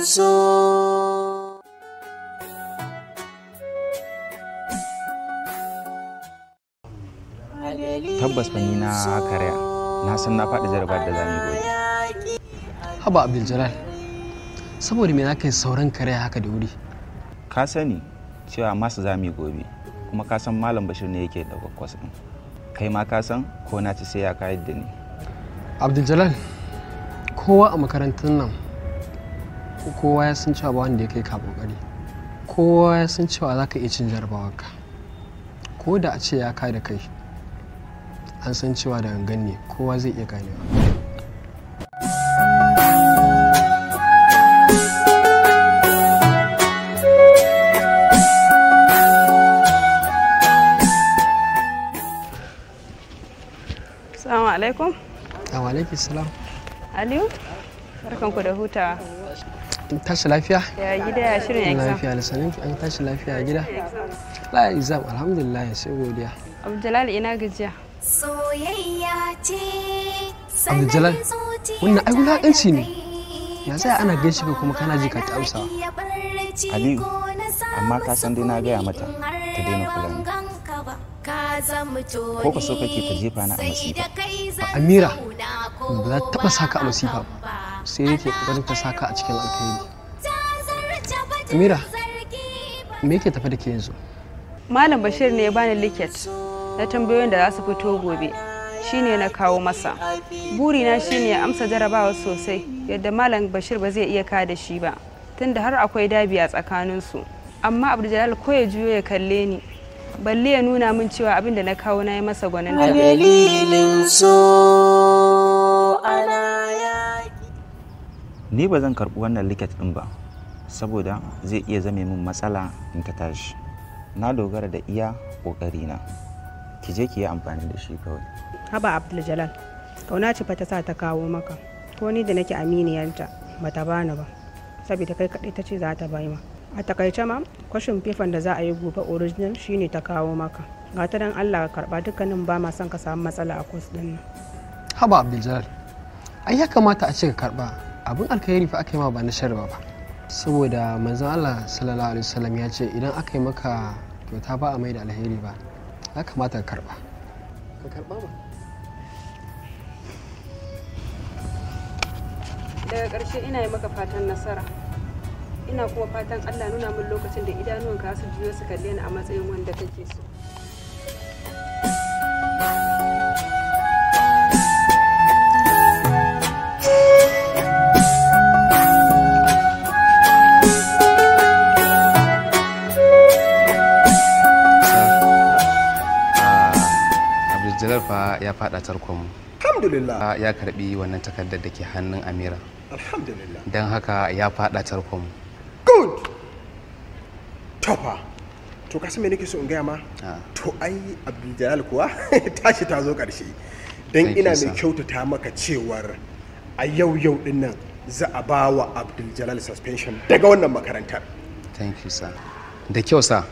Tabbas fa ni na karya, na san na faɗi jarabar da zamu gobe. Haba Abdul saboda me zaka sauran karya haka da wuri? Ka sani cewa masu zamu gobe, kuma ka san Malam Bashir ne yake ɗaukar kwakwas din Kai ma ka san ko na ci sai ya kayar da ni. Abdul kowa a makarantar nan kowa ya san cewa ba wanda ya kai ka kokari kowa ya san cewa za ka iya cin jarabawarka ko da a ce ya ka da kai an san cewa da gangan ne kowa zai iya ganewa Assalamu alaikum. Assalamu alaikum Aliyu, barkanku da hutawa. tashi lafiya ya gida ya shirin exam lafiya da sanin an tashi lafiya a gida la exam alhamdulillah sai godiya abdulal ina gajiya soyayya ce abdulal wannan ai wulakanci ne ya sai ana gaishe ka kuma kana ji ka ta amsawa aliyu amma ka san dai na gaya mata ta daina kula ni ko ka so kake ta jefa na a masifa amira ba za ta taba saka a masifa ba sai yake kokarin ta saka a cikin alkhairi amira me yake tafi da ke yanzu malam bashir ne ya bani liket na tambayoyin da za su fito gobe shine na kawo masa burina shine ya amsa jarabawa sosai yadda malam bashir ba zai iya kada shi ba tunda har akwai dabi a tsakaninsu amma abdul ko ya juyo ya kalle ni balle ya nuna min cewa abin da na kawo na yi masa gwanin gwaninta. ni ba zan karɓi wannan liket ɗin ba saboda zai iya zame min matsala in ta tashi na dogara da iya ƙoƙarina ki je ki yi amfani da shi kawai haba abdul jalal kauna ce fa ta sa ta kawo maka ko ni da nake aminiyarta ta bani ba saboda kai kaɗai ta ce za ta bai ma a takaice ma kwashin fifan da za a yi gobe original shine ta kawo maka ga ta dan allah ka karba dukkanin ba ma son ka samu matsala a kwas din nan haba abdul jalal ai ya kamata a ce ka karba abin alkhairi fa aka yi ma ba na sharba ba saboda manzon Allah sallallahu alaihi wasallam ya ce idan aka yi maka to ta ba a mai da alheri ba ya kamata ka karba ka karba ba daga ƙarshe ina yi maka fatan nasara ina kuma fatan Allah nuna min lokacin da idanuwanka su juyo su kalle ni a matsayin wanda kake so. fa ya fada tarkon mu. Alhamdulillah. Ya karbi wannan takardar da ke hannun Amira. Alhamdulillah. Don haka ya fada tarkon mu. Good. Tofa. To ka san me nake so in gaya ma? Ah. To ai Abdul kuwa tashi ta zo karshe. Dan ina mai kyautata maka cewar a yau yau din nan za a ba wa Abdul Jalal suspension daga wannan makarantar. Thank you sir. Da kyau sa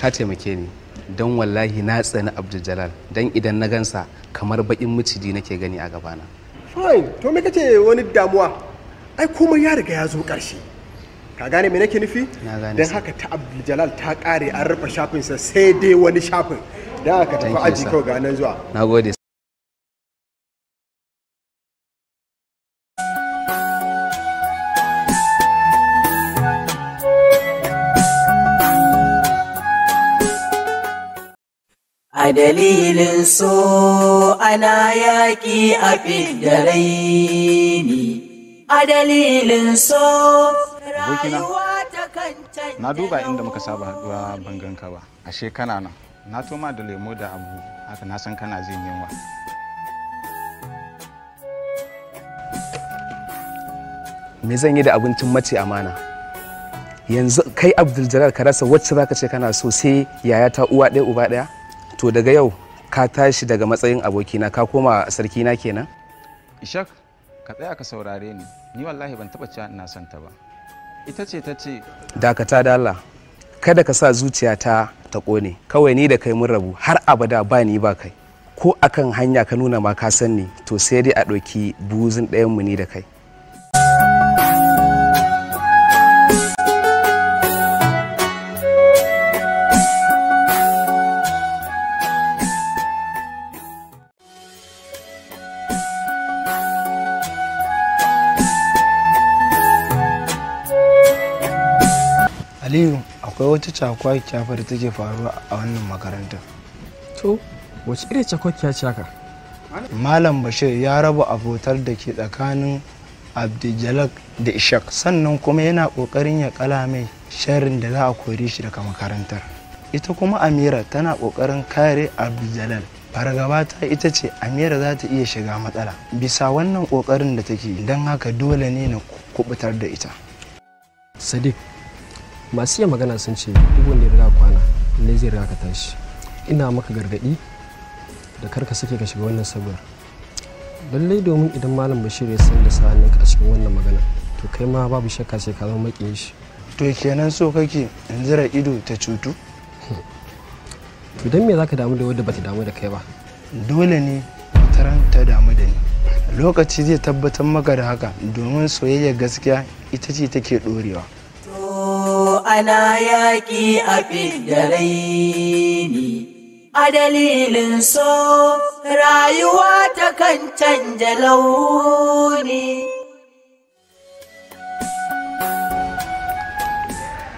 ka taimake ni. don wallahi na tsani abdul don idan na gansa kamar baƙin miciji nake gani a gabana fine to me kace wani damuwa ai komai ya riga ya zo karshe ka gane me nake nufi don haka ta abdul ta kare an rufe shafinsa sai dai wani shafin da aka tafi aji kawai ga nan zuwa A dalilin so ana yaƙi a fidda raini, a dalilin so rayuwa Na duba inda muka saba haɗuwa bangan ka ba, a kana nan. Na toma da lemo da abu, haka na san kana zai yinwa. Me zan yi da abincin mace amana? Yanzu kai Abdul ka rasa wacce za ka ce kana so sai yaya ta uwa ɗaya uba ɗaya? to daga yau ka tashi daga matsayin abokina ka koma sarkina kenan ishak ka tsaya ka saurare ni ni wallahi ban taba cewa ina santa ba ita ce ta ce dakata da Allah kada ka sa zuciyata ta kone kawai ni da kai mun rabu har abada ba ni ba kai ko akan hanya ka nuna ma ka san ni to sai dai a ɗauki buzun ɗayan mu ni da kai wata cakwa fa da take faruwa a wannan makarantar to wace irin cakwakiya ce haka malam bashir ya raba abotar da ke tsakanin abdijalak da ishak sannan kuma yana kokarin ya kala mai sharrin da za a kori shi daga makarantar ita kuma amira tana kokarin kare abdijalal fargaba ta ita ce amira za ta iya shiga matsala bisa wannan kokarin da take don haka dole ne na kubutar da ita sadiq masu iya magana sun ce duk wanda ya riga kwana ne zai riga ka tashi ina maka gargaɗi da karka sake ka shiga wannan sabuwar lallai domin idan malam bashir ya san da sa'aninka a cikin wannan magana to kai ma babu shakka sai ka zama makin shi to kenan so kake in zira ido ta cutu to don me zaka damu da wanda bata damu da kai ba dole ne taran ta damu da ni lokaci zai tabbatar maka da haka domin soyayya gaskiya ita ce take dorewa ana yaƙi a fidaraini. A dalilin so rayuwa ta kan canja launi.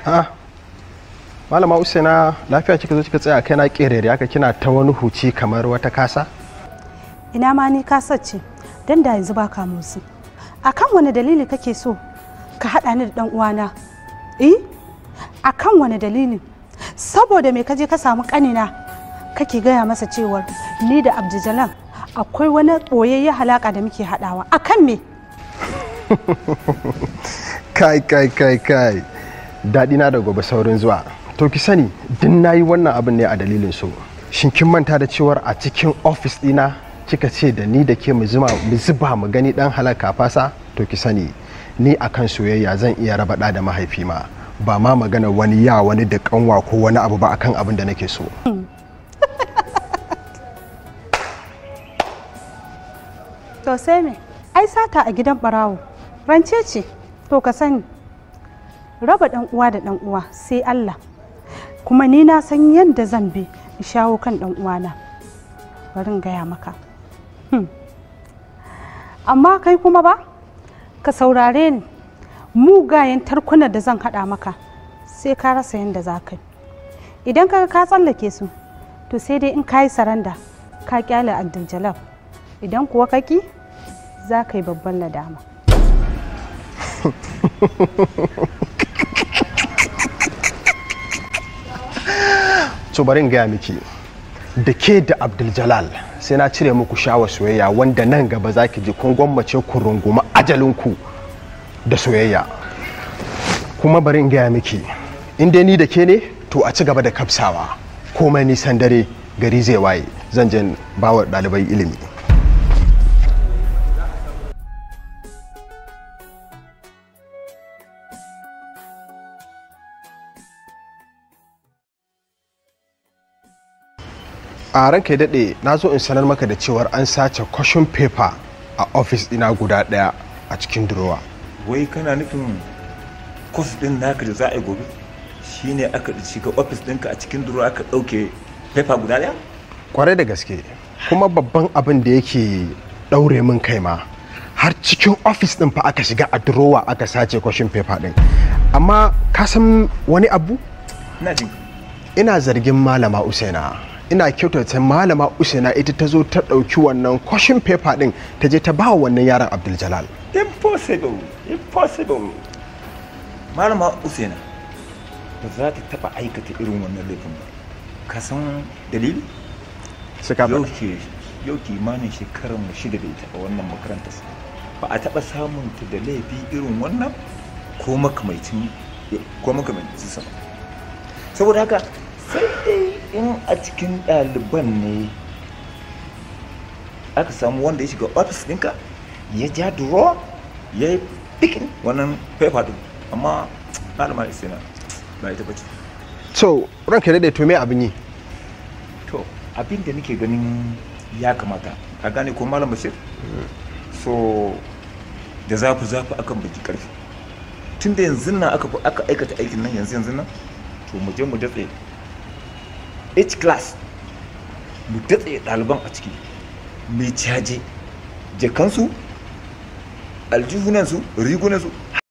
Ah, Malama Usaina lafiya kika zo kika tsaya kai na kerere haka kina ta wani huci kamar wata kasa? Ina ma ni kasar ce, don da yanzu ba ka musu. Akan wani dalili kake so ka haɗa ni da ɗan uwana? Eh? akan wani dalilin saboda me kaje ka samu kanina kake gaya masa cewa ni da abdijalan akwai wani ɓoyayyen halaka da muke haɗawa akan me kai kai kai kai daɗi na da gobe saurin zuwa to ki sani din na yi wannan abin ne a dalilin so shin kin manta da cewar a cikin ofis ɗina kika ce da ni da ke mu zuba mu gani ɗan halaka fasa to ki sani ni akan soyayya zan iya raba da mahaifi ma ba ma magana wani ya wani da kanwa ko wani abu ba akan abin da nake so to sai me ai sata a gidan barawo rance ce to ka sani raba dan uwa da dan uwa sai Allah kuma ni na san yadda zan bi in shawo kan dan uwana bari in gaya maka hmm. amma kai kuma ba ka saurare ni mugayen tarkunan da zan haɗa maka sai ka rasa yadda za ka idan ka ka tsallake su to sai dai in ka yi saranda ka kyale abdul idan kuwa kaki za ka yi babban nadama to bari in gaya miki da ke da abdul jalal sai na cire muku shawa soyayya wanda nan gaba za ki ji kun gwammace ku runguma ajalinku ku da soyayya kuma bari in gaya miki in dai ni da ke ne to a ci gaba da kafsawa komai nisan dare gari zai waye zan je bawa ɗalibai ilimi a ranka ya daɗe na zo in sanar maka da cewar an sace kwashin paper a ofis ɗina guda ɗaya a cikin durowa wai kana nufin kwas din naka da za a yi gobe shi ne aka shiga ofis ɗinka a cikin duro aka ɗauke pepa guda ɗaya? kwarai da gaske kuma babban abin da yake ɗaure min kai ma har cikin ofis ɗin fa aka shiga a durowa aka sace kwashin fefa ɗin amma ka san wani abu? ina zargin malama usaina ina kyautata malama usaina ita ta zo ta ɗauki wannan kwashin paper ɗin ta je ta ba wa wannan yaron abdul jalal impossible impossible malama usaina ba za ta taɓa aikata irin wannan laifin ba ka san dalili suka ba yau kimanin shekarar mu shida da ita wannan wannan makarantar ba a taɓa samun ta da laifi irin wannan ko makamaitin ko makamaitin sama saboda haka sai dai in a cikin ɗaliban ne aka samu wanda ya shiga ofis ɗinka ya ja duro ya yi pikin wannan paper ɗin amma malama isina ba ita ba ce so ranka da to me abin yi to abin da nake ganin ya kamata a gane ko malam bashir so da zafi zafi akan baki karfi tun da yanzu nan aka aikata aikin nan yanzu yanzu nan to mu je mu datse each class mu datse ɗaliban a ciki mai caje jakansu aljihunansu rigunansu